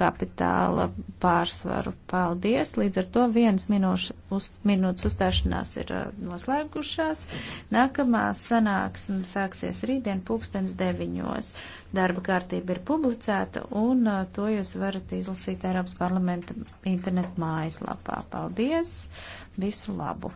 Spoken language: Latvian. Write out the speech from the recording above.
kapitāla pārsvaru. Paldies! Līdz ar to vienas minūšu, uz, minūtes uzstāšanās ir uh, noslēgušās. Nākamā sanāksme sāksies rītdien pūkstens deviņos. Darba kārtība ir publicēta un uh, to jūs varat izlasīt Eiropas parlamenta internetu mājaslapā. Paldies! Visu labu!